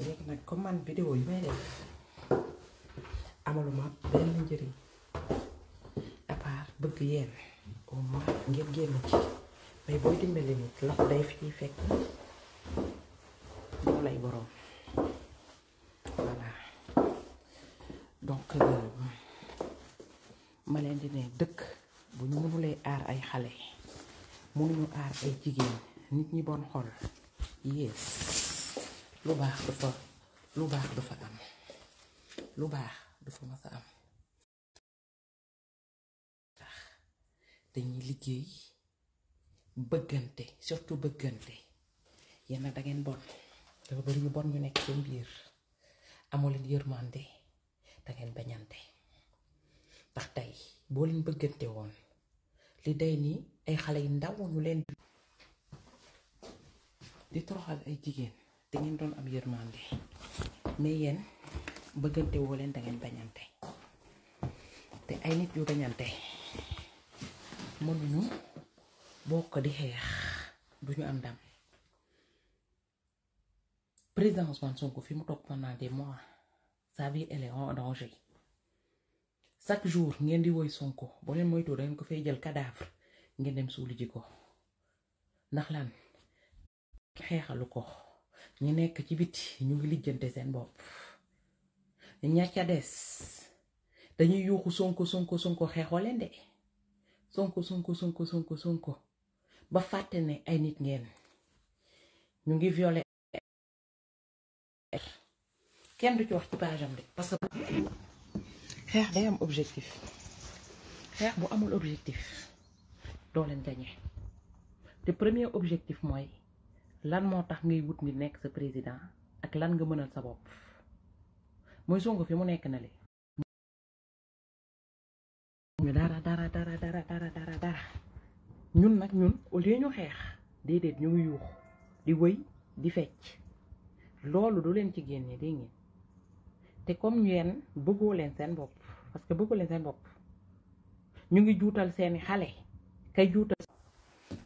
léegi nag comme man vidéo yi may def amaluma benn njëriñ à part bëgg yéen au moins génn ci mais booy dimbali nit lap day fi fekk doo lay boroom voilà donc euh, ma leen di ne dëkk bu ñu mënulee aar ay xale mënuñu aar ay jigéen nit ñi bon xol yées lu baax dafa lu baax dafa am lu baax dafa ma a am dañuy liggéey bëggante surtout bëggante yéen da ngeen bon dafa bari ñu bon ñu nekk seen biir amul leen yërmande da ngeen bañante ndax tey boo leen bëggante woon li day ni ay xale yi ndaw ñu leen di toroxal ay jigéen da ngeen doon am yërmande mais yéen bëggante woo leen dangeen ngeen bañante te ay nit yu bañante mënuñu bokk di xeex duñu am ndam président Ousmane Sonko fi mu toog pendant des mois sa vie elle est en chaque jour ngeen di woy Sonko boo leen moytu da ko fay jël cadavre ngeen dem suuli ji ko ndax lan xeexalu ko ñu nekk ci biti ñu ngi lijjante seen des dañuy yuuxu sonko sonko sonko de sonko sonko sonko sonko sonko ba objectif bu objectif premier objectif mooy lan moo tax ngay wut ni nekk sa président ak lan nga mënal sa bopp mooy Sonko fi mu nekk na li ñu dara dara dara dara dara ñun nag ñun au ñu xeex déedéet ñu ngi yuux di wëy di fecc loolu du leen ci génne dégg ngeen te comme yeen bëggoo leen seen bopp parce que bëggoo leen seen bopp ñu ngi juutal seeni xale kay juutal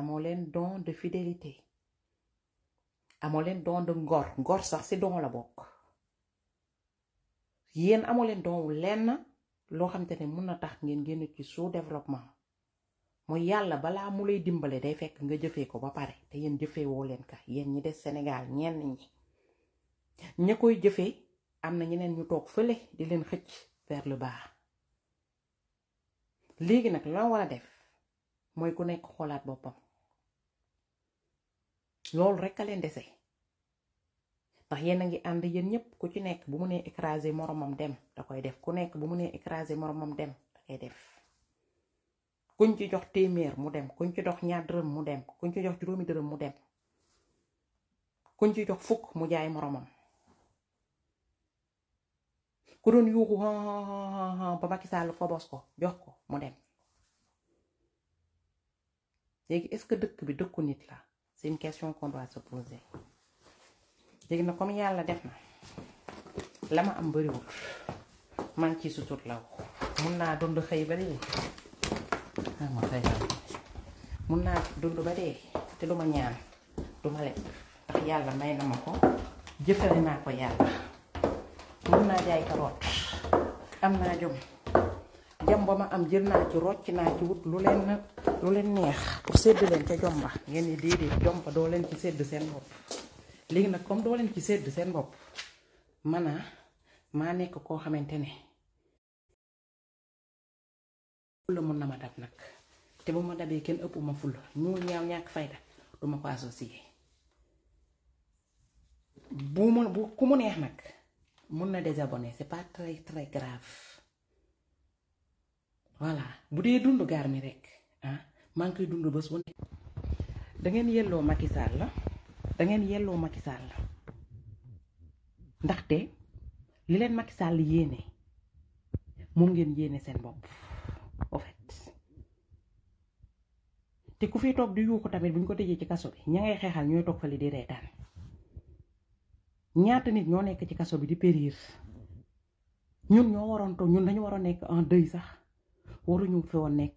amoo leen don de fidélité amoo leen don de ngor ngor sax ci don la bokk yéen amoo leen don lenn loo xamante ne mun na tax ngeen génn ci sous développement mooy yàlla balaa mu lay dimbale day fekk nga jëfee ko ba pare te yéen jëfee leen ka yéen ñi des Sénégal ñenn ñi ña koy jëfee am na ñeneen ñu toog fële di leen xëcc vers le baax léegi nag la war a def mooy ku nekk xoolaat boppam loolu rek a leen dese ndax yéen a ngi ànd yéen ñëpp ku ci nekk bu mu nee écrasé moromam dem da koy def ku nekk bu mu nee écrasé moromam dem da koy def kuñ ci jox téeméer mu dem kuñ ci jox ñaar dërëm mu dem kuñ ci jox juróomi dërëm mu dem kuñ ci jox fukk mu jaay moromam ku doon yuuxu ba Macky Sall fobos ko jox ko mu dem léegi est-ce que dëkk bi dëkku nit la. C'est une question qu'on doit se poser. léegi nag comme yàlla def na la ma am bëriwul man ci sutur law mun naa dund xëy ba dee ah, ma xëy mun naa dund ba dee te du ma ñaan du ma lekk ndax yàlla may na ma ko jëfale naa ko yàlla mun naa jaay karoot am naa jom jam ba ma am jël ci rocc na ci wut lu leen lu leen neex pour sédd leen ca jomba ngeen ni déedéet jomba doo leen ci sédd seen bopp léegi nag comme doo leen ci sédd seen bopp man a maa nekk koo xamante ne fulla mun na ma dab nag te bu ma dabee kenn ëpp ma fulla ñuul ñaaw ñàkk fayda duma ko associé bu mu bu ku mu neex nag mun na désabonné c'est pas très très grave voilà bu dee dund gaar mi rek ah, man koy dund bes bu ne da ngeen yello Macky Sall da ngeen yello Macky Sall la ndaxte li len Macky Sall yene moom ngeen yene sen bop au fait te ku fi toog di yuuxu tamit buñ ko tëjee ci kasso bi ña ngay xeexal ñooy toog fële di reetaan ñaata nit ño nek ci kasso bi di périr ñun ño waron toog ñun dañu waroon nek en deuil sax ñu fi won nek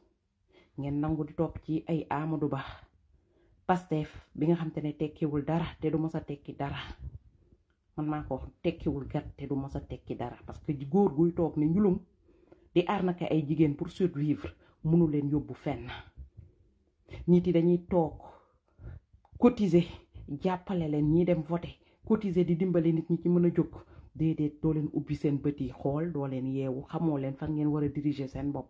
ngeen nangu di top ci ay amadou ba pastef bi nga xamantene tekki wul dara te du mos tekki dara man mako wax tekki wul gat te du mos tekki dara parce que goor guy toog ni ñulum di arnaka ay jigen pour survivre mënu leen yobbu fenn niti dañuy tok cotiser jàppale leen ñi dem voter cotiser di dimbalé nit ñi ci mëna ubisen dédé do doo leen ubbi seen bët xol do leen xamoo leen fa ngeen wara diriger seen bop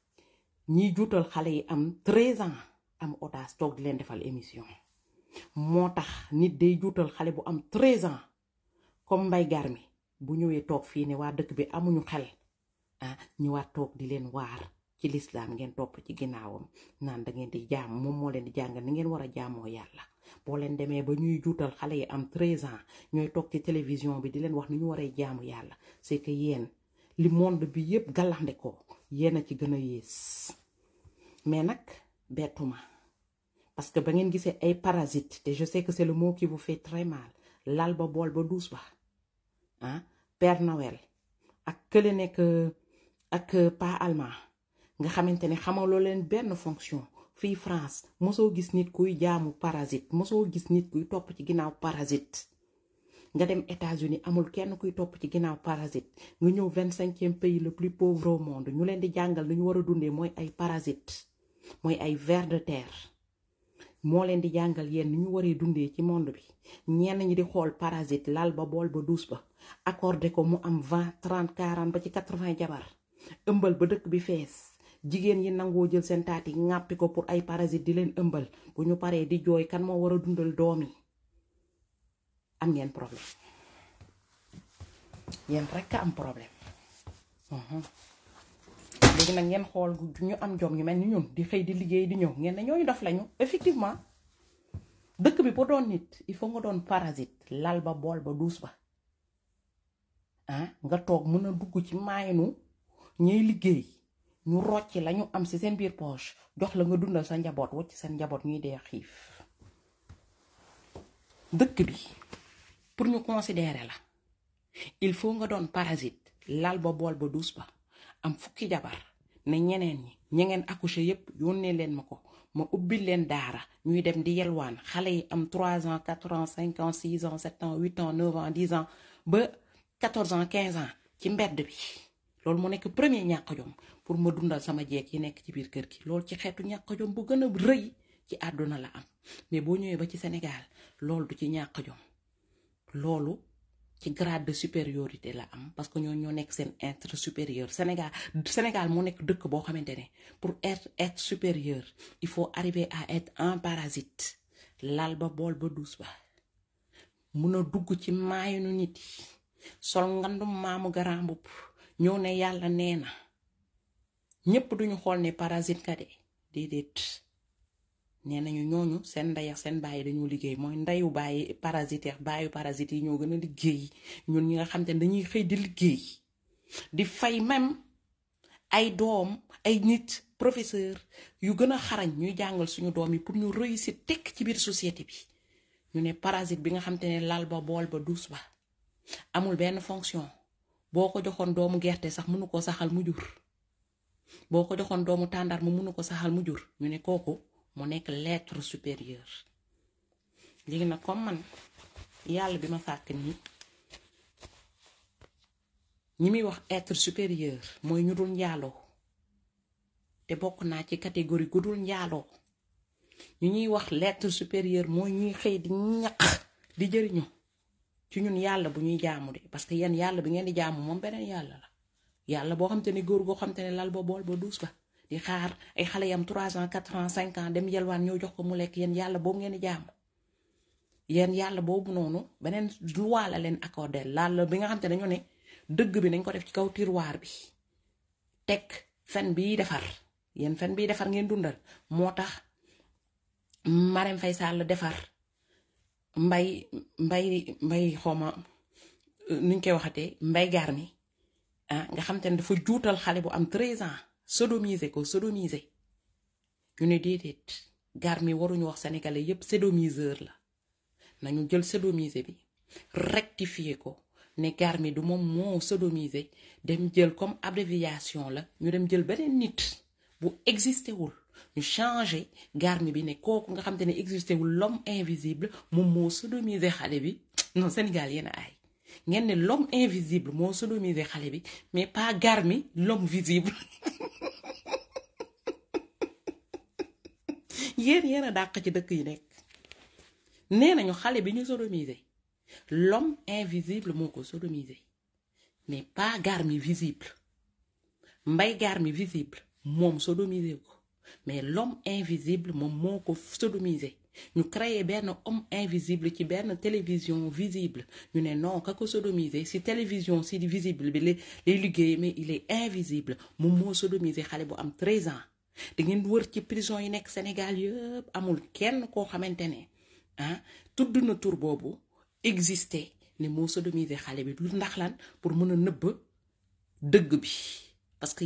ñiy juutal xalé yi am 13 ans am otage tok di len defal émission motax nit day juutal xalé bu am 13 ans comme mbay gar bu ñewé tok fi ne wa dëkk bi amuñu xel ah ñëwaat tok di len waar ci l'islam ngeen top ci ginaawam naan da ngeen di jaam moom mo len di jang ni ngeen wara jaamo yalla bo len leen ba ñuy juutal xalé yi am 13 ans ñoy tok ci télévision bi di len wax ni ñu wara jaamu yalla c'est que yeen li monde bi yépp galandé ko yéen ci gëna a mais nak bétuma parce que ba ngeen gissé ay parasites je sais que c'est le mot qui vous fait très mal lal ba bool ba duus ba ah Père Noël ak kële nekk ak pas Alma. nga ne lo leen ben fonction fi France mosoo gis nit kuy jaamu parasite mosoo gis nit kuy top ci ginaaw parasite nga dem États-Unis amul kenn kuy topp ci ginnaaw parasite nga ñëw vingt cinquième pays le plus pauvre au monde ñu leen di jàngal lu ñu war a dundee mooy ay parasite mooy ay vers de terre moo leen di jàngal yéen ni ñu waree dundee ci monde bi ñenn ñi di xool parasite lal ba bool ba duus ba accordé ko mu am vingt trente quarante ba ci quatre vingt jabar ëmbal ba dëkk bi fees jigéen yi nangoo jël seen taat yi ŋàppi ko pour ay parasite di leen ëmbal bu ñu paree di jooy kan moo war a dundal doom yi am ngeen problème yéen rek a am problème léegi nag ngeen xool ñu am jom ñu mel ni ñun di xëy di liggéey di ñëw ngeen ne ñooñu daf lañu effectivement dëkk bi boo doon nit il faut nga doon parasite lal ba bool ba duus ba ah nga toog mën a dugg ci maaynu ñiy liggéey ñu rocci lañu am si seen biir poche jox la nga dundal sa njaboot wacc seen njaboot ñuy dee xiif dëkk bi pour ñu considérer la il faut nga doon parasite lal ba bool ba duus ba am fukki jabar ne ñeneen ñi ña ngeen accouché yépp yónnee leen ma ko ma ubbi leen daara ñuy dem di yelwaan xale yi am trois ans 4 ans 5 ans 6 ans 7 ans 8 ans 9 ans 10 ans ba 14 ans 15 ans ci mbedd bi loolu mu nekk premier ñàkk jom pour ma dundal sama jeeg yi nekk ci biir kër gi loolu ci xeetu ñàkk jom bu gën a rëy ci àdduna la am mais boo ñëwee ba ci Sénégal loolu du ci ñàkk jom Lolo, ci grade de supériorité la am parce que ñoo ñoo nek être supérieur Sénégal Sénégal mo nek deuk bo pour être être supérieur il faut arriver à être un parasite L'alba bol ba douce ba mun dugg ci mayu nit sol ngandum maamu garaam mbubb ne yalla nee ñepp duñu ne parasite ka de nee ñu ñooñu seen nday ak seen baay dañoo liggéey mooy ndeyu bayu parasitaire baayu parasite yi ñoo gën a liggéey ñun ñi nga xam dañuy xëy di liggéey di fay même ay dom ay nit professeur yu gën a xarañ ñuy jàngal suñu doom yi pour ñu réussir tekk ci biir société bi ñu ne parasite bi nga xam lal ba bool ba duus ba amul benn fonction boo ko joxoon doomu gerte sax mënu ko saxal mu jur boo ko joxoon doomu tàndar mu mënu ko saxal mu jur ñu ne kooku mu nekk l'être supérieur léegi nag comme man yàlla bi ma fàkk nii ñi muy wax être supérieur mooy ñu dul njaaloo te bokk naa ci catégorie gu dul njaaloo ñu ñuy wax letre supérieur mooy ñuy xëy di ñaq di jëriñu ci ñun yàlla bu ñuy jaamu de parce que yéen yàlla bi ngeen di jaamu moom beneen yàlla la yàlla boo xam te ne góor goo xam te ne lal ba bool ba duus ba di xaar ay xale yam 3 ans 4 ans 5 ans dem yelwaan ñoo jox ko mu lekk yéen yàlla boobu ngeen jaam yéen yàlla boobu noonu beneen loi la leen accordé laal bi nga xam dañu ne ñu dëgg bi nañ ko def ci kaw tiroir bi teg fen bii defar yéen fen bii defar ngeen dundal moo tax Marème Faye Sall defar mbay mbay mbay xawma nuñ koy waxatee mbay gaar ah nga xam ne dafa juutal xale bu am 13 ans. sodomiser ko sodomiser Vous ne dites garmi waruñu wax sénégalais yépp sodomiseur la nañu jël sodomiser bi rectifier ko ne garmi du mom mo sodomiser dem jël comme abréviation la ñu dem jël benen nit bu existé wul ñu garmi bi ne kooku nga xam tane existé l'homme invisible mon mo sodomiser xalé bi non Sénégal ay ngeen l'homme invisible moo sodomisé xale mais pas Garmi l'homme visible yéen yéen a la ci dëkk yi nekk nee nañu xale bi ñu sodomisé l'homme invisible moo ko sodomisé mais pas Garmi visible mbay Garmi visible moom sodomisé mais l'homme invisible mon moo ko sodomisé nous créons un homme invisible ci une télévision visible nous ne non ka ko si télévision si visible bi mais il est invisible mon moo sodomiser xale 13 ans da ngeen wër ci prison yi nekk Sénégal yëpp amul kenn koo xamante ne ah na tur boobu bi ndax lan a nëbb dëgg bi parce que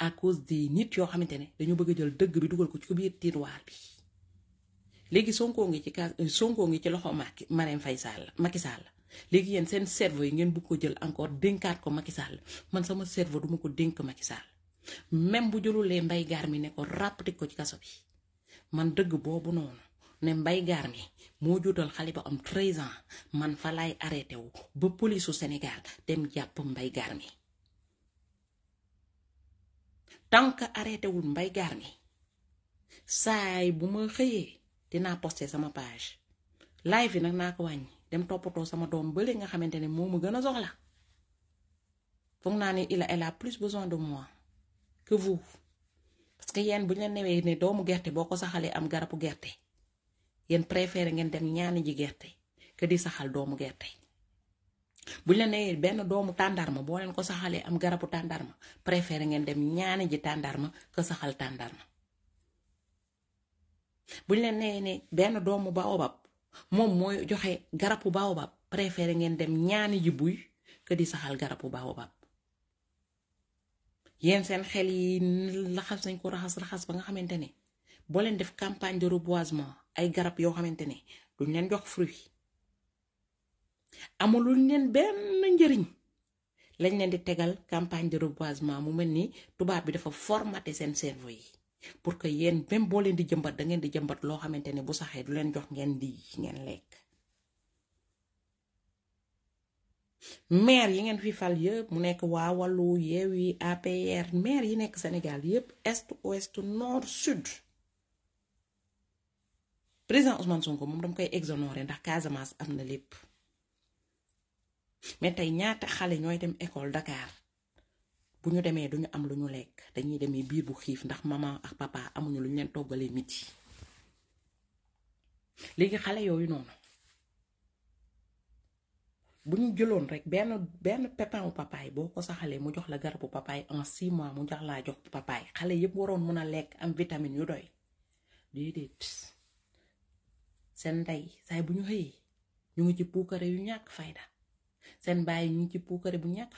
à cause des nit yoo xamante ne dañoo bëgg a jël dëgg bi dugal ko ci biir tiroir bi léegi sonkoo ngi ci cas Sonko ngi ci loxo Macky Marème Faye Sall Macky Sall léegi yéen seen cerveau yi ngeen bëgg ko jël encore dénkaat ko Macky Sall man sama cerveau duma ko dénk Macky Sall même bu jëlulee mbay gaar mi ne ko ràppati ko ci kaso bi man dëgg boobu noonu ne mbay gaar mi moo juutal xale ba am 13 ans man fa laay arrêté wu ba polisu Sénégal dem jàpp mbay gaar mi tant arrêté wul mbay garni Say saay bu ma posté sama page live nak nako naa dem topoto sama doom beulé nga xamante momu gëna soxla foog na né il a elle a plus besoin de moi que vous parce que yeen bu la ne doomu gerté boko saxalé am garapu gerté yeen préférer ngeen dem ñaani ji gerté que di saxal doomu gerté buñ la nee benn doomu tàndarma boo leen ko saxalee am garabu tàndarma préféré ngeen dem ñaani ji tàndarma ko saxal tàndarma buñ leen nee ne benn doomu baobab moom mooy joxe garabu baobab préféré ngeen dem ñaani ji buy ko di saxal garabu baobab yéen seen xel yi laxas nañ ko raxas raxas ba nga xamante ne boo leen def campagne de reboisement ay garab yoo xamante ne duñ leen jox fruit amulul leen benn njëriñ lañ leen di tegal campagne de reboisement mu mel ni tubaab bi dafa formaté seen cerveau yi pour que yéen même boo leen di jëmbat da ngeen di jëmbat loo xamante ne bu saxee du leen jox ngeen di ngeen lekk. maire yi ngeen fii fal yëpp mu nekk waa wàllu Yewwi APR maire yi nekk senegal yëpp est ouest nord sud. président Ousmane Sonko moom dama koy exonore ndax Casamance am na lépp. mais tey ñaata xale ñooy dem école Dakar bu ñu demee duñu am lu ñu lekk dañuy demee biir bu xiif ndax maman ak papa amuñu lu ñu leen toggalee midi léegi xale yooyu noonu bu ñu jëloon rek benn benn pépin wu papaay boo ko saxalee mu jox la garabu papaay en six mois mu jox laa jox papaay xale yëpp waroon mën a lekk am vitamine yu doy déedéet seen ndey saay bu ñu xëyee ñu ngi ci puukare yu ñàkk fayda Sen pas ñi ci bu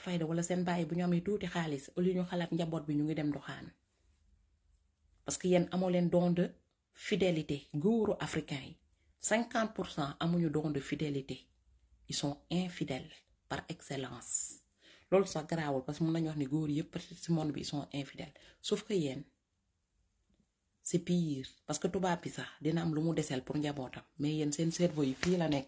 fayda wala bu ñu parce que yeen amoo don de fidélité Gourou africain 50 don de fidélité ils sont infidèles par excellence L'ol sa parce que mën wax ni sont infidèles sauf que c'est pire parce que tu bi sax dina am lu mu desel pour mais yeen sen cerveau yi fi la nek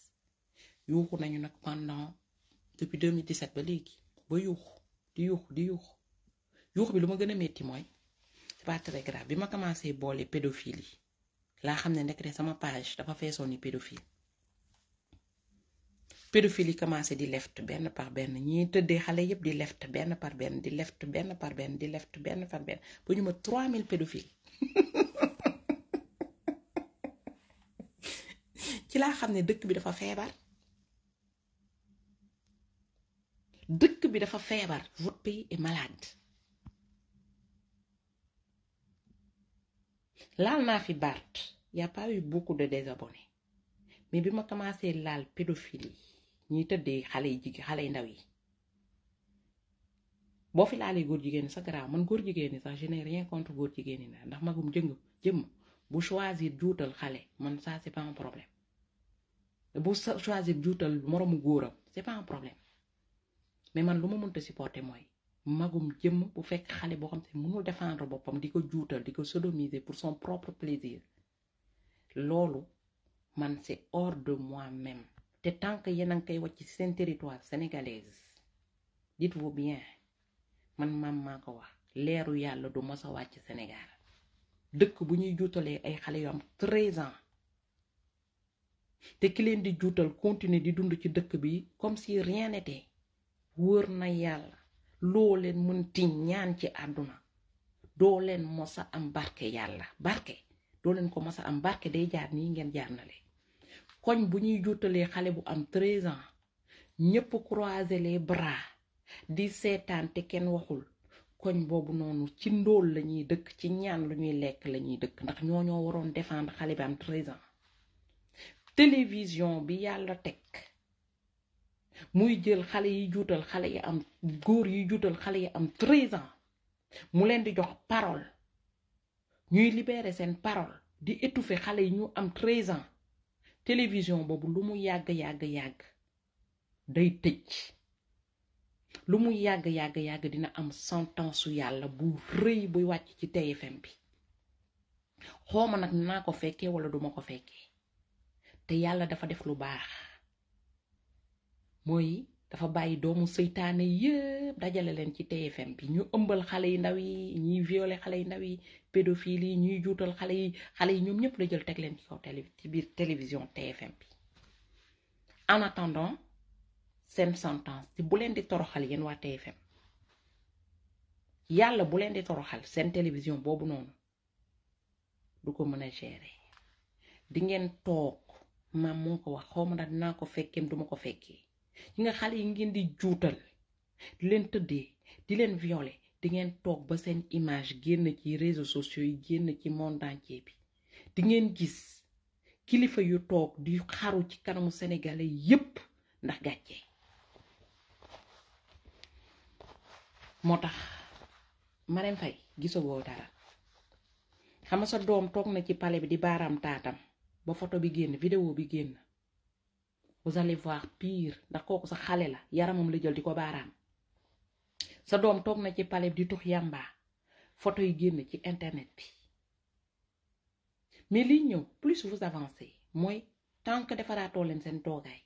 nañu depuis 2017 ba di di bi c'est pas très grave bima commencé pédophile pédophilie, xamné nek sama page ni pédophile commencé di left ben par ben yépp di left ben par ben di left ben par de di left par 3000 pédophile dëkk bi dafa feebar votre pays est malade laal naa fi Bart y a pas eu beaucoup de désabonnés mais bi ma commencé laal pédophilie ñuy tëddee xale yi jigéen xale yu ndaw yi boo fi laalee góor jigéen sa garaaw man góor jigéen sax je n'ai rien contre góor jigéen ñi ndax magum jëng jëmm bu choisir juutal xale man ça c'est pas un problème bu choisir juutal moromu góoram c'est pas un problème mais man luma ma mënta supporter moy magum jëm bu fekk xalé de xamné te défendre bopam diko ko diko sodomiser pour son propre plaisir lolu man c'est hors de moi-même te tant que yéen a wacc ci sen territoire sénégalaise dites-vous bien man mam mako wax leeru yalla du mos a wàcc Sénégal dëkk bu ñuy juutalee ay xale yu am 13 ans te ki leen di juutal continue di dund ci dëkk bi comme si rien n'était wër na yàlla loo mën mënti ñaan ci àdduna doo leen mos am barke yàlla barke doo leen ko mos a am barke day jaar nii ngeen jaar na le koñ bu ñuy juutalee xale bu am 13 ans ñépp croiser les bras di seetaan te kenn waxul koñ boobu noonu ci ndool la ñuy dëkk ci ñaan lu ñuy lekk lañuy dëkk ndax ñooñoo waroon défendre xale bi am 13 ans télévision bi yàlla teg muy jël xale yi juutal xale yi am góor yi juutal xale yi am treize mu leen di jox parole ñuy libeere seen parole di étouffer xale yi ñu am treize ans télévision boobu lu mu yàgg yàgg yàgg day tëj lu mu yàgg yàgg yàgg dina am sentence su yàlla bu rëy buy wàcc ci TFM bi xooma nag naa ko fekkee wala duma ko fekkee te yàlla dafa def lu baax. mooy dafa bàyyi doomu seytaane yëpp dajale leen ci TFM bi ñu ëmbal xale yu ndaw yi ñuy violer xale yu ndaw yi pédophile yi ñuy juutal xale yi xale yi ñoom ñëpp la jël teg leen ci kaw télé ci biir télévision TFM bi en attendant seen sentence di bu leen di toroxal yéen waa TFM yàlla bu leen di toroxal seen télévision boobu noonu du ko mën a gérer di ngeen toog maam moo ko wax xaw ma ndax dinaa ko fekkeem duma ko fekkee ñi nga xale yi ngeen di juutal di leen tëddee di leen violer di ngeen toog ba seen image génn ci réseaux sociaux yi génn ci monde bi di ngeen gis kilifa yu toog di xaru ci kanamu sénégalais yépp ndax gàcce moo tax Marème Faye gisagoo dara xam nga sa doom toog na ci pale bi di baaraam taatam ba foto bi génn vidéo bi génn vous allez voir pire d'accord kooku sa xale la yaramam la jël di ko baaraam sa dom tok na ci palais du tux yamba photo yi guen ci internet bi mais liy plus vous avancez moins tant que defaraatoo leen sen toogaay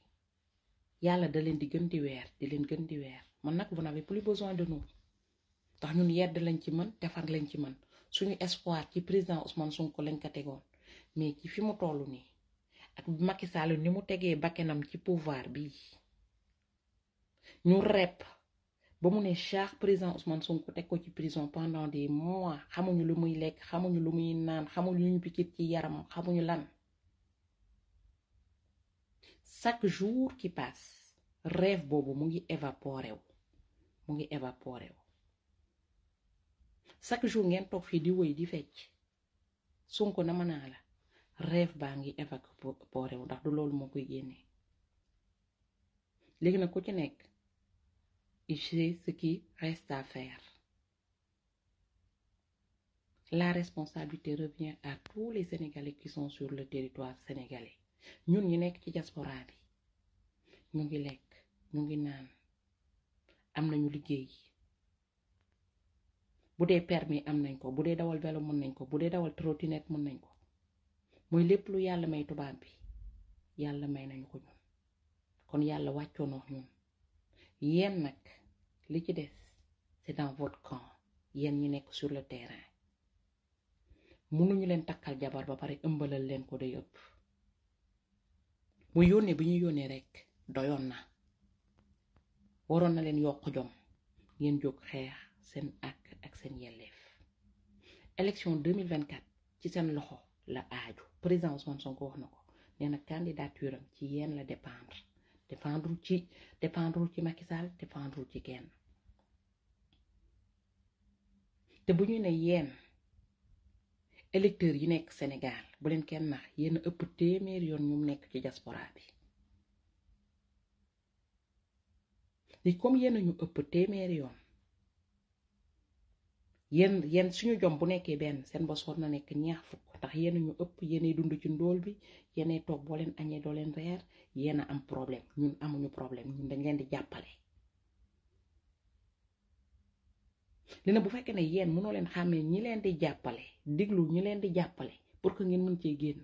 yalla da leen di gën di weer di len gën di weer man nak vous n'avez plus besoin de nous tax ñun yedd lañ ci man defar lañ ci man suñu espoir ci président Ousmane Sonko lañ ko mais ci fi mu ak Macky Sall ni mu tegee bakkenam ci pouvoir bi ñu rep ba mu ne chaque président Ousmane sunk teg ko ci prison pendant des mois xamuñu lu muy lekk xamuñu lu muy naan xamuñu lu ñu ci yaram xamuñu lan chaque jour qui passe rêve boobu mu ngi évaporé mu ngi évaporé wu chaque jour ngeen toog fii di wéy di fecc Sonko nama naa la. rêve bangi, évacuer ce qui reste à faire la responsabilité revient à tous les sénégalais qui sont sur le territoire sénégalais ñun ñi nek ci diaspora bi ñu ngi lekk ñu ngi nan am nañu liggéey permis vélo trottinette mooy lépp lu yàlla may tubaab bi yàlla may nañu ko ñun kon yàlla wàccoonoo ñun yéen nag li ci des c'est dans votre camp yéen ñi nekk sur le terrain mënuñu leen takkal jabar ba pare ëmbalal leen ko de yëpp mu yónnee bi ñu yónnee rek doyoon na waroon na leen yokk jom ngeen jóg xeex seen ak ak seen yelleef élection 2024 ci seen loxo la aaju président Ousmane Sonko wax na ko nee na candidature am ci yéen la dépendre dépendre ci dépendre ci Macky Sall dépendre ci kenn te bu ñu ne yéen électeurs yi nekk Sénégal bu leen kenn nax yéen ëpp téeméer yoon ñu nekk ci diaspora bi li comme yéen ñu ëpp téeméer yoon yéen yéen suñu jom bu nekkee benn seen bos war na nekk ñaar fukk ndax yéen ñu ëpp yéenay dund ci ndóol bi yéenay toog boo leen añee doo leen reer yéen a am problème ñun amuñu problème ñun dañ leen di jàppale dina bu fekkee ne yéen mënoo leen xàmmee ñi leen di jàppale diglu ñi leen di jàppale pour que ngeen mën cee génn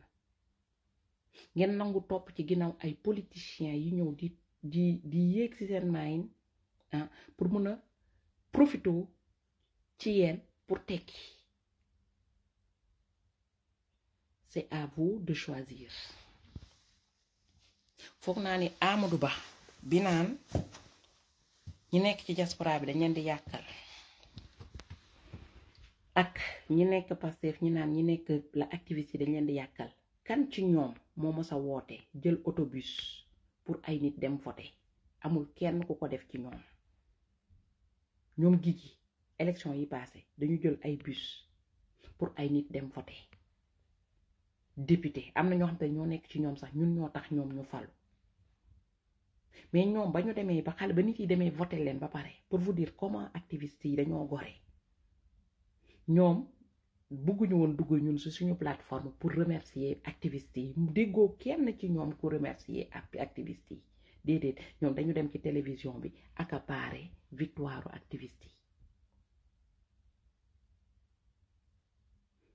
ngeen nangu topp ci ginnaaw ay politiciens yi ñëw di di di yéeg ci seen main ah pour mën a profito ci yéen pour tekki c'est à vous de choisir foog ni Amadou Ba bi nan ñi nek ci diaspora bi dañ di yakal ak ñi nek Pastef ñi nan, ñi nek la activité dañ leen di yakal kan ci ñom moo mës a jël autobus pour ay nit dem voter amul kenn ku ko def ci ñom ñoom gigi élection yi passé dañu jël ay bus pour ay nit dem voter Depute, amne nyon ante nyon ek ki nyon sa, nyon nyon takh nyon nyon falo. Men nyon, ba nyon teme bakal, ben iti teme vote len papare, pou vou dir koman aktivisti denyon gore. Nyon, bougou nyon, bougou nyon, sou syen yo platform pou remersiye aktivisti. Mdego, ken ne ki nyon pou remersiye aktivisti? Dede, nyon tenyon teme ki televizyon bi, akapare, vitwaro aktivisti.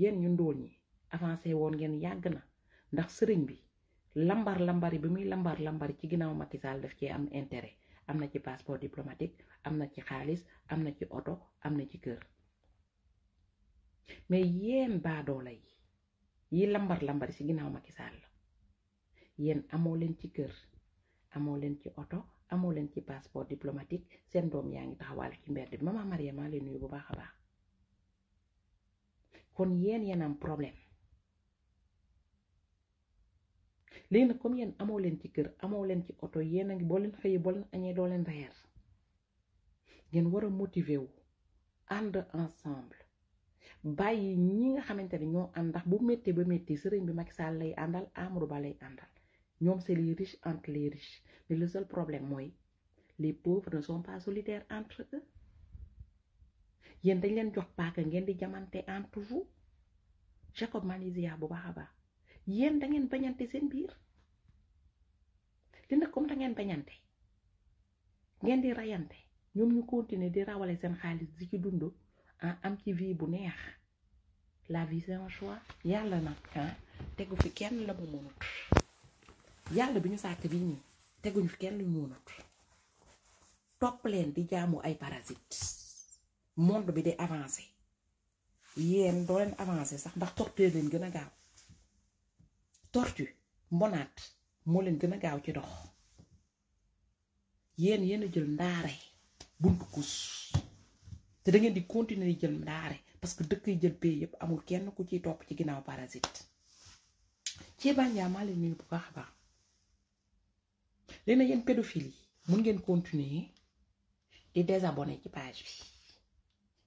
yéen ñu ndóol ñi avancé woon ngeen yàgg na ndax sëriñ bi lambar lambari bi muy lambar lambari ci ginnaaw Macky Sall daf cee am intérêt am na ci passeport diplomatique am na ci xaalis am na ci oto am na ci kër mais yéen baadoola yi yi lambar lambari ci ginnaaw Macky la yéen amoo leen ci kër amoo leen ci oto amoo leen ci passeport diplomatique seen doom yaa ngi taxawaale ci mbedd bi maman Mariama leen nuyu bu baax a baax. kon y a un problème léegi nag comme yéen ci kër amoo leen ci oto yéen a ngi boo leen xëyee boo leen añee doo leen reer ngeen war ensemble bàyyi ñi nga xamante ne ñoo bu méttee ba méttee sëriñ bi Macky lay lay les riches entre les riches mais le seul problème les pauvres ne sont pas solidaires entre eux. yéen dañ leen jox paaka ngeen di jamante en toujours Jacob Malaysia bu baax a baax yéen da ngeen bañante seen biir li nag comme da ngeen bañante ngeen di reyante ñoom ñu continuer di rawale seen xaalis di ci dund ah am ci vie bu neex la vie c'est yàlla na ah, tegu fi kenn la mu munut yàlla bi ñu sàkk bii nii teguñu fi kenn lu munut topp leen di jaamu ay parasites. monde bi day avancé yeen do len avancer. sax ndax tortue len tortue mo len gëna a ci dox yeen jël buntu kus da ngeen di continuer jël parce que dëkk yi jël amul kenn ku ciy topp ci parasite ci a leen bu baax a baax léegi Il ngeen continuer di ci page bi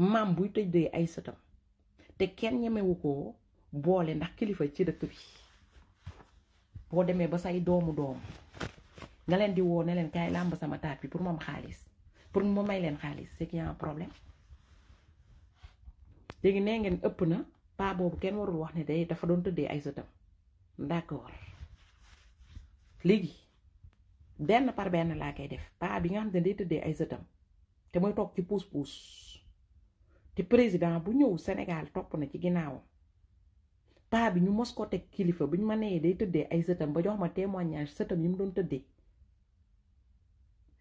maam buy tëddee ay sëtam te kenn ñemewu ko boole ndax kilifa ci dëkk bi boo demee ba say doomu doom nga leen di woo ne leen kaay làmb sama taat bi pour moom xaalis pour ma may leen xaalis c'est qu'il y a un problème léegi nee ngeen ëpp na paa boobu kenn warul wax ne day dafa doon tëddee ay sëtam d'accord léegi benn par benn laa koy def paa bi nga xam ne day tëddee ay sëtam te mooy toog ci puus puus te président bu ñëw Sénégal topp na ci ginnaawam paa bi ñu mos ko teg kilifa bu ma nee day tëddee ay sëtam ba jox ma témoignage sëtam yi mu doon tëddee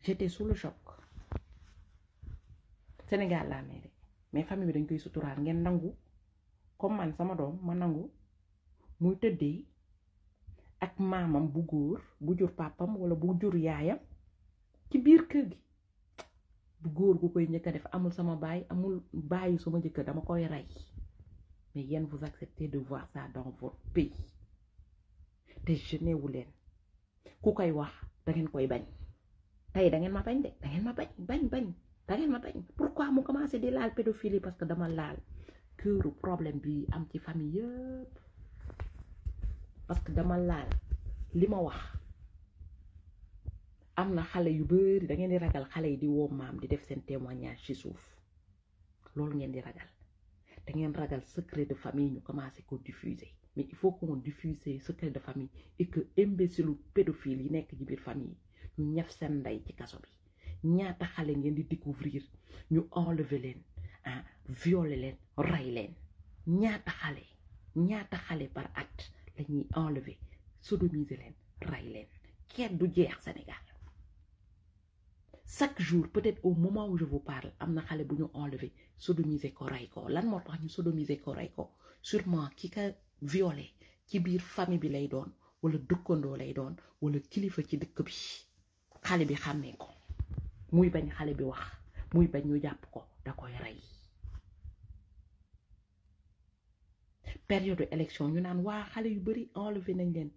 j'étais sous le choc Sénégal laa mee de mais famille bi dañ koy suturaal ngeen nangu comme man sama doom ma nangu muy tëddee ak maamam bu góor bu jur papam wala bu jur yaayam ci biir kër gi. bu góor gu koy njëkk def amul sama bay amul bayu sama jëkkër dama koy ray mais yéen vous acceptez de voir ça dans votre pays te jeune wu leen ku wax da ngeen koy bañ tay da ngeen ma bañ de da ngeen ma bañ bañ bañ da ngeen ma bañ pourquoi mu commencé di laal pédophilie parce que dama laal cœuru problème bi am ci famille yëpp parce que dama laal li ma wax amna xalé yu di ragal xalé di di def sen témoignage ci souf lolou di ragal da ragal secret de famille ñu commencé ko diffuser mais il faut qu'on diffuse secret de famille et que le pédophile yi ci famille ñu ñaf sen ci bi ñaata di découvrir ñu enlever ah, violer ñaata ñaata par at lañuy enlever sodomiser du Sénégal chaque jour peut-être au moment où je vous parle am xale bu ñu enlevé sodomisé ko rey ko lan moo ñu sodomisé ko rey ko sûrement ki ka violé ci bir famille bi lay doon wala dëkkandoo lay doon wala kilifa ci dëkk bi xale bi xàmmee ko muy bañ xale bi wax muy bañ ñu jàpp ko da koy rey période élection ñu naan waa xale yu bari enlevé nañ leen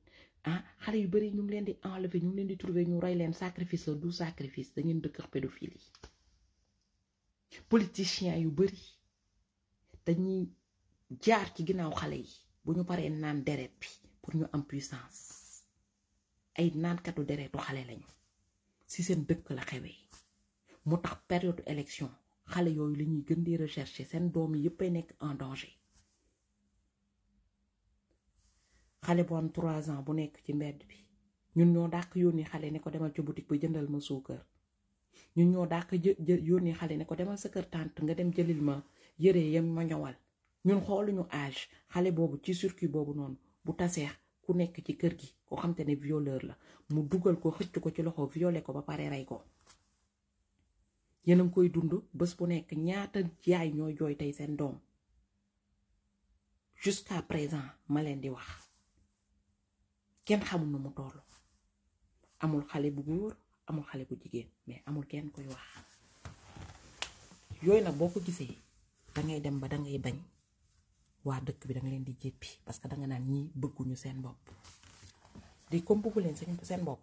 ah xale yu bëri ñu ngi leen di enlever ñu ngi leen di trouver ñu roy leen sacrifice du sacrifice da ngeen dëkk pédophilie politiciens yu bëri dañuy jaar ci ginnaaw xalé yi bu ñu paree naan deret bi pour ñu am puissance ay katu deretu xalé lañ si seen dëkk la xewé mu tax période élection xalé yooyu la ñuy gën di rechercher seen doom yi yëpp nekk en danger. xale bu am bu nekk ci mbedd bi ñun ñoo dàq yónni xale ne ko demal ci boutique ba jëndal ma suukar ñun ñoo dàq jë yónni xale ne ko demal sa kër nga dem jëlil ma yëre yam ma xooluñu âge xale boobu ci circuit boobu noonu bu taseex ku nekk ci kër gi koo xam ne violeur la mu dugal ko xëcc ko ci loxo violé ko ba pare rey ko yéen a ngi koy dund bés bu nekk ñaata yaay ñooy jooy tey seen doom jusqu'à présent ma leen di wax. kenn xamul nu mu toll amul xale bu góor amul xale bu jigéen mais amul kenn koy wax yooyu nag boo ko gisee ngay dem ba ngay bañ waa dëkk bi leen di jéppi parce que danga naan ñi bëgguñu seen bopp di comme bëggu leen seen seen bopp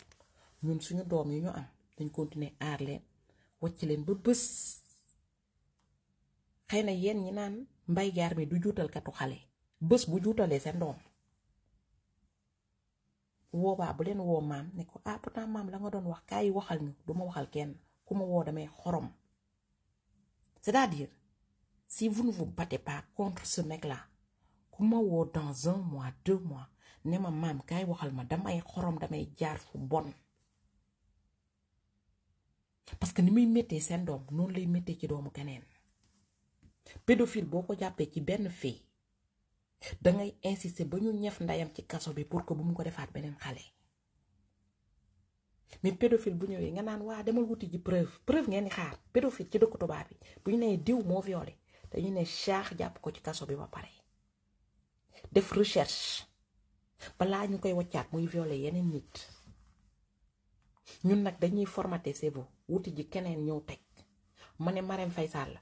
ñun suñu doom yi ñu am dañ continuer aar leen wacc leen ba bés xëy na yéen ñi naan mbay gaar mi du katu xale bés bu juutalee seen doom Woba bu leen woo ne ko ah pourtant mam la nga don wax kaay waxal ñu du waxal kenn kuma wo damay xorom c'est-à-dire si vous ne vous battez pas contre ce mec-là kuma wo dans un mois deux mois ne ma mam kaay waxal ma damay xorom damay jaar fu bon parce que ni muy metté sen dom non lay metté ci doomu keneen pédophile boko jappé ci ben fii dangay insister ba ñu ñef ndeyam ci kaso bi pour que bu mu ko defaat beneen xale mais pédophile bu ñëwee nga naan waa demal wuti ji preuve preuve ngeen di xaar pédophile ci dëkku tubaab bi bu ñu nee diw moo violé dañu ne chaax jàpp ko ci kaso bi ba pare def recherche balaa ñu koy waccaat muy violé yeneen nit ñun nag dañuy formate cerveau wuti ji keneen ñëw teg ma ne Marème Faye Sall la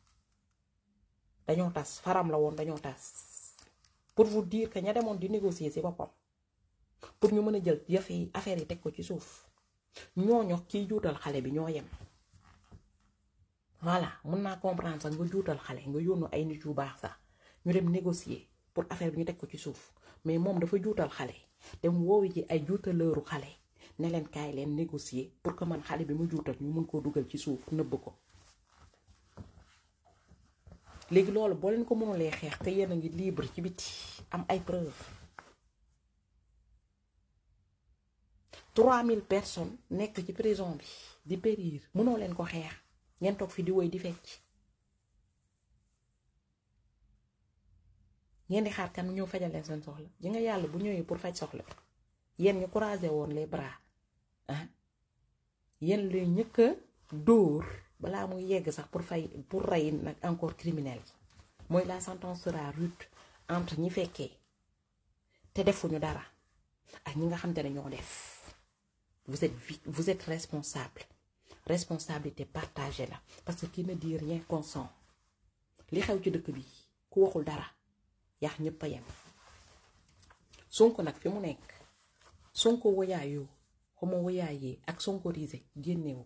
dañu tas faram la won dañu tas pour vous dire que ña demone di négocier si bopam pour ñu mëna jël jafe yi affaire yi teg ko ci suuf ñooñu kiy juutal xalé bi ño yem voilà mëna comprendre sax nga juutal xalé nga yónnu ay nit yu baax sax ñu dem négocier pour affaire bi ñu teg ko ci suuf mais mom dafa juutal xalé dem wowi ci ay juutaleeru xalé ne leen kay leen négocier pour que man xalé bi mu juutal ñu mën koo dugal ci suuf neub ko. léegi loolu boo leen ko mënulee xeex te yéen a ngi libre ci biti am ay preuve mille personnes nekk ci prison bi di périr mënoo leen ko xeex ngeen toog fi di woy di fecc ngeen di xaar kan ñëw fajal leen seen soxla ji nga yàlla bu ñëwee pour faj soxla yéen ñu croisé woon les bras ah yéen lay ñëkk a dóor. bala muy yegg sax pour fay pour ray nak encore criminel moy la sentence sera rude entre ñi féké té defuñu dara ak ñi nga xam te ñoo def vous êtes vous êtes responsable responsabilité partagée là parce que qui ne dit rien consent li xew ci dëkk bi ku waxul dara yaax ñëpp a yem Sonko nak fi mu nekk Sonko woyaayoo xamoo woyaayee ak Sonko risé génnewu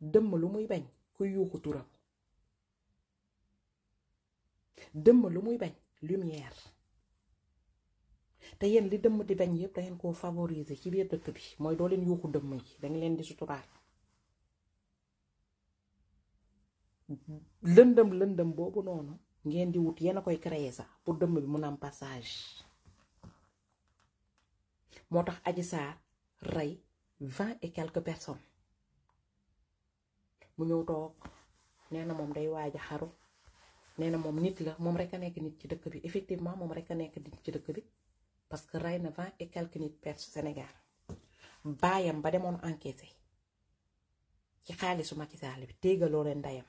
dëmm lu muy bañ ku yuuxu turam dëmm lu muy bañ lumière te yéen li dëmm di bañ yëpp da koo favoriser ci biir bi mooy doo leen yuuxu dëmm yi da leen di suturaal lëndëm lëndëm boobu noonu ngeen di wut créer pour dëmm bi mun passage moo tax vingt et quelques personnes. mu ñëw toog nee na moom day waaj xaru nee na moom nit la moom rek a nekk nit ci dëkk bi effectivement moom rek a nekk nit ci dëkk bi parce que rey na vingt et quelques nit perte Sénégal baayam ba demoon enquêté ci xaalisu Macky Sall bi tégaloo leen ndeyam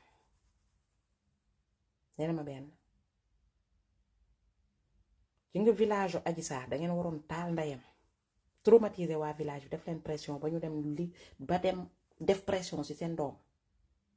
nee ma benn ci nga village u Adji Sarr da ngeen waroon taal ndeyam traumatisé waa village bi def leen pression ba ñu dem li ba dem def pression si seen doom.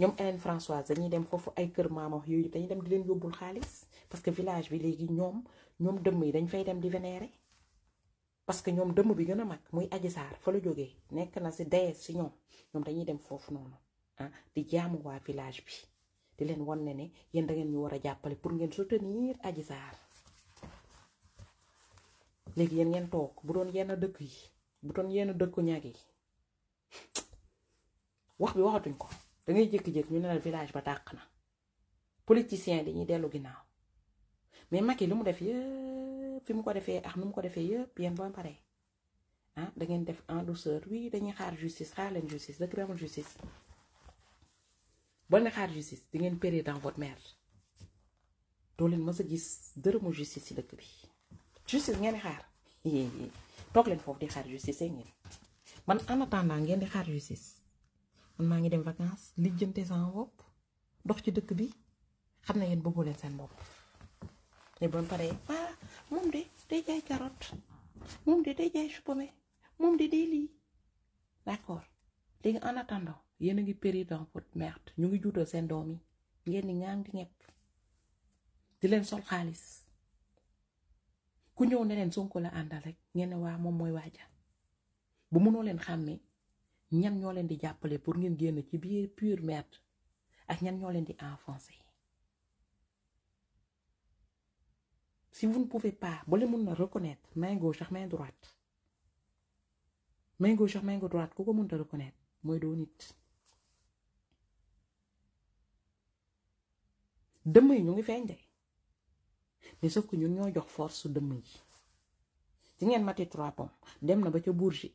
ñom Hélène Françoise dañuy dem fofu ay kër mama wax yooyu dañuy dem di len yobul xaliss parce que village bi légui ñom ñom dëmm yi dañ fay dem di vénéré parce que ñom dëmm bi gëna mag muy Adji Sarr fa la joggé nek na si dayes ci ñom ñom dañuy dem fofu nonu ah di jaamu wa village bi di len wonné ne yeen da ngeen ñu wara jappalé pour ngeen soutenir Adji Sarr léegi yéen ngeen tok bu doon yeen dëkk yi bu doon yeen wax bi waxatuñ ko. da de jékki ñu ne village ba dañuy mais Macky lu mu def yëpp fi mu ko defee ak nu ko defee yéen ah, en douceur oui dañuy xaar justice xaar leen justice dëkk justice xaar justice di dans votre mère. doo leen a gis dërëmu justice dëkk bi justice ngeen xaar di justice en attendant di xaar justice. man maa ngi dem vacances lijjante sama bopp dox ci dëkk bi xam na yéen bëggoo leen seen bopp mais ba paree ah moom de day jaay carotte moom de day jaay chou pommé moom de day lii d'accord léegi en attendant yéen a ngi périr dans votre merde ñu ngi juutal seen doom yi ngeen di ñaan di ñepp di leen sol xaalis ku ñëw ne leen Sonko la àndal rek ngeen ne waa moom mooy waaja bu mënoo leen xàmmee. pour ci pure merde ak ñan si vous ne pouvez pas vous ne mun reconnaître main gauche main droite main gauche main droite ku ko mun ta reconnaître mooy doo nit dëmm mais sauf que ñun ñoo jox force dëmm ci ngeen pouvez trois pom na ba ca Bourgie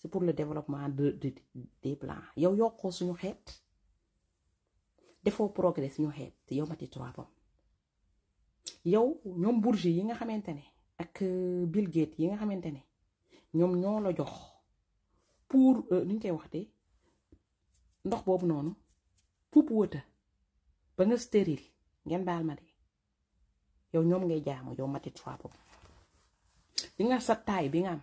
c'est pour le développement de de des blancs yow yokkoo suñu xeet defoo progrès suñu xeet yow mati trois bom yow ñoom Bourgie yi nga xamante ne ak euh, Bill Gates yi nga xamante ne ñoom ñoo la jox pour euh, ni koy waxte ndox boobu noonu puup wëta ba nga stérile ngeen daal ma de yow ñoom ngay jaamu yow mati trois bom di nga sa bi nga am.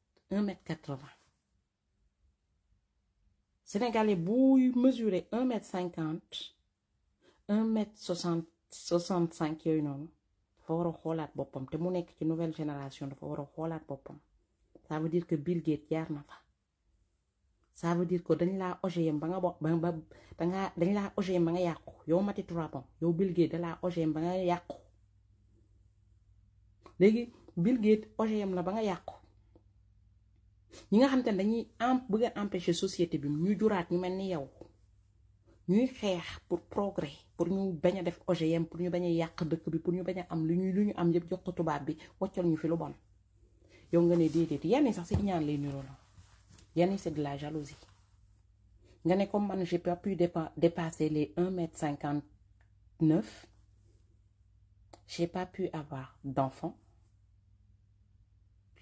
1m80. Sénégalais, Bouy mesurer 1m50, 1m65 yooyu noonu dafa xolat bopam te mu nek ci nouvelle génération da war a xoolaat ça veut dire que Bill Gates jaar na fa ça veut dire que dañ la OGM ba nga ba ba dangaa dañ la OGM ba nga yàqu yow Mati Trois Pommes yow Bill Gates da la OGM ba nga yàqu léegi Bill Gates OGM la ba nga yàqu ñi nga xam à dañuy am bëgg empêcher société bi ñu juraat ñu pour progrès pour ñu bañ def pour ñu bañ a yàq pour ñu bañ am lu ñuy am yëpp jox ko tubaab bi choses. ñu fi lu bon yow ne la jalousie nga comme man j'ai pas pu dépasser les un mètre cinquante neuf j'ai pas pu avoir d'enfant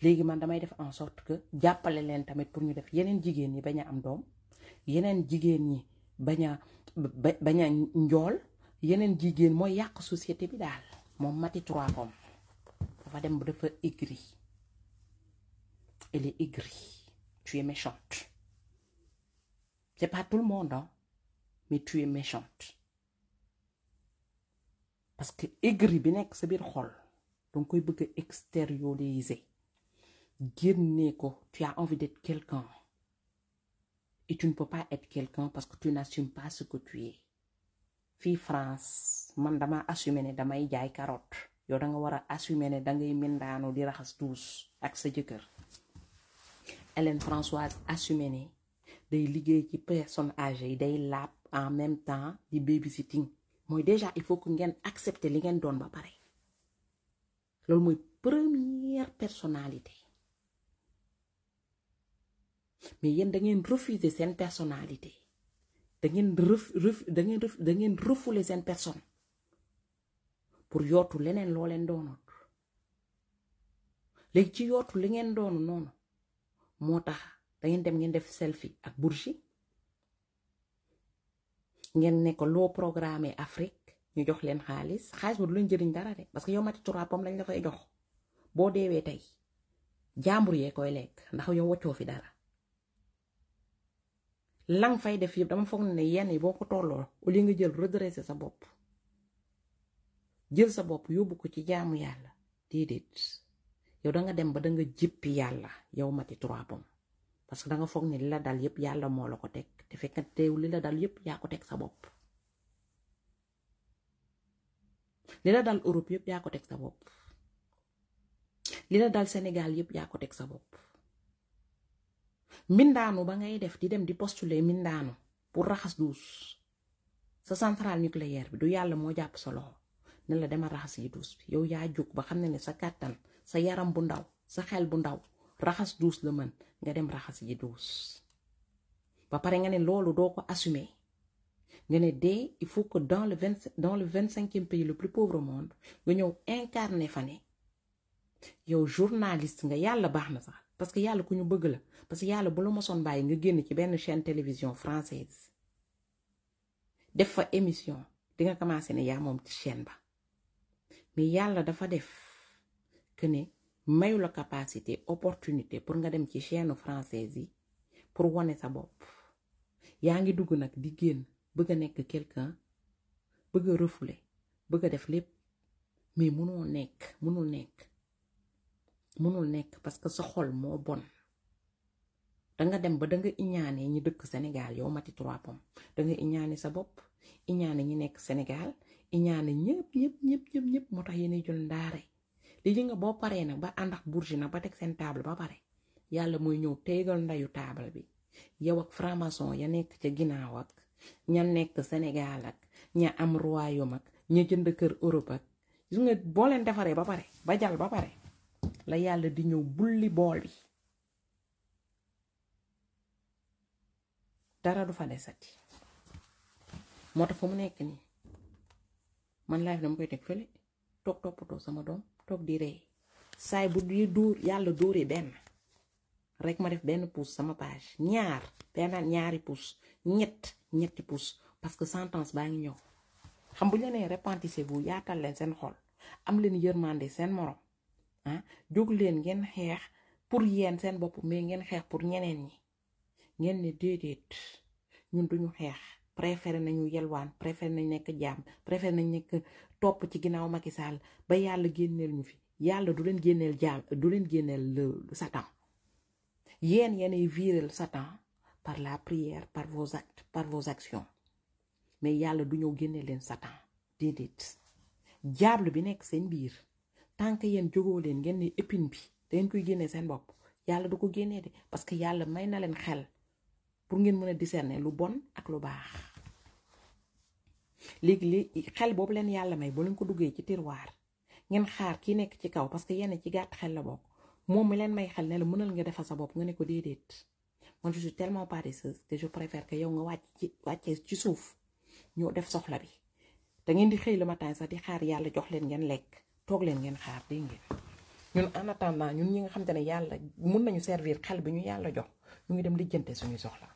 gens damay def en sorte que jappalé de tamit pour ñu def yenen jigen ñi y am a société bi mati trois dem dafa elle est égrie. tu es méchante c'est pas tout le monde hein, mais tu es méchante parce que aigri bi nek sa xol extérioriser tu as envie d'être quelqu'un. Et tu ne peux pas être quelqu'un parce que tu n'assumes pas ce que tu es. Fille France man dama assumer ne damay jaay carotte yow da nga war a assumer ne dangay mindaanu di raxas duus ak sa Hélène Françoise assumer ne day liggéey ci personne âgée en même temps di babysitting mooy déjà il faut que accepte accepter li ngeen doon ba pare première personnalité mais yéen da ngeen refuser seen personnalité da ngeen da ngeen da ngeen refoulé seen personne pour yootu leneen loo leen doonoon léegi ci yootu li ngeen doonu noonu moo tax dangeen dem ngeen def selfie ak Bourgi ngeen ne loo programme Afrique ñu jox leen xaalis xaalis ba leen jëriñ dara de parce que yow mati trois pom lañ la fay jox boo deewee tey jàmbur yee koy lekk ndax yow woccoo fi dara. lang fay def yeb dama fogn ne yenn yi boko tolo o li nga jël redresser sa bop jël sa bop yóbbu ko ci jaamu yalla dedet yow da nga dem ba da nga jippi yalla yow mati trois pom parce que da nga fogn ne li la dal yeb yalla mo la ko tek te teew li la dal yeb ya ko tek sa bop li la dal Europe yeb ya ko tek sa bop li la dal senegal yeb ya ko tek sa bop mbindaanu ba ngay def di dem di postuler mbindaanu pour raxas duus sa centrale nucléaire bi du yàlla moo jàpp sa loxo ne la dema raxas yi duus bi yow yaa jóg ba xam ne ne sa kàttan sa yaram bu ndaw sa xel bu ndaw raxas duus la mën nga dem raxas yi duus ba pare nga ne loolu doo ko assumer nga ne dee il faut que dans le vingt dans le vingt cinquième pays le plus pauvre au monde nga ñëw incarner fa ne yow journaliste nga yàlla baax na sax parce que yàlla ku ñu bëgg la parce que yàlla bu la mosoon bàyyi nga génn ci chaîne télévision française def fa émission di nga commencé né ya mom ci chaîne ba mais yalla dafa def que né mayu la capacité opportunité pour nga dem ci chaîne française yi pour wane sa bop ya nga dugg nak di génn bëgg nekk quelqu'un bëgg refoulé bëgg def lépp mais mënoo nekk mënul nekk mënul nekk parce que sa xol moo bon nga dem ba danga iñaane ñi dëkk Sénégal yow mati trois pom danga iñaane sa bopp iñaane ñi nekk Sénégal iñaane ñëpp ñëpp ñëpp ñëpp ñëpp moo tax yéen jël ndaare li ji nga boo paree ba ànd ak bourge nag ba teg seen table ba pare yàlla mooy ñëw tegal ndayu table bi yow ak franc-maçon ya nekk ca ginnaaw ak ña nekk Sénégal ak ña am royaume ak ña jënd kër Europe ak nga boo leen defaree ba pare ba jàll ba pare la yàlla di ñëw bulli bool bi dara du fa desati moo tax fa mu nekk nii man live dama koy teg fële toog toppatoo sama doom toog di rey saay bu di dóor yàlla dóoree benn rek ma def benn pouce sama page ñaar benn ñaari pouce ñett ñetti pouce parce que sentence baa ngi ñëw xam bu ñu la nee répentissez yaatal leen seen xol am leen yërmande seen morom ah gen leen pour vous seen bopp mais ngeen xeex pour ñeneen ñi ngeen ne déedéet ñun duñu nous préféré nañu yelwaan nañ nañ ci ginnaaw ba yàlla génneel ñu fi yàlla du leen génneel jaam du leen génneel satan yéen yéenay virer satan par la prière par vos actes par vos actions mais yàlla du ñëw satan, leen satan diable bi nekk tant que yéen jógoo leen ngeen ne épine bi te ngeen koy génnee seen bopp yàlla du ko génnee de parce que yàlla may na leen xel pour ngeen mën a discerner lu bon ak lu baax léegi li xel boobu leen yàlla may bu leen ko duggee ci tiroir ngeen xaar kii nekk ci kaw parce que yenn ci gàtt xel la bokk moom mi leen may xel ne la mënal nga defal sa bopp nga ne ko déedéet man je suis tellement paresseuse que je préfère que yow nga wàcc ci wàccee ci suuf ñoo def soxla bi da ngeen di xëy le matin sax di xaar yàlla jox leen ngeen lekk. toog leen ngeen xaar dégg ngeen ñun en attendant ñun ñi nga xam ne yàlla mun nañu servir xel bi ñu yàlla jox ñu ngi dem lijjante suñuy soxla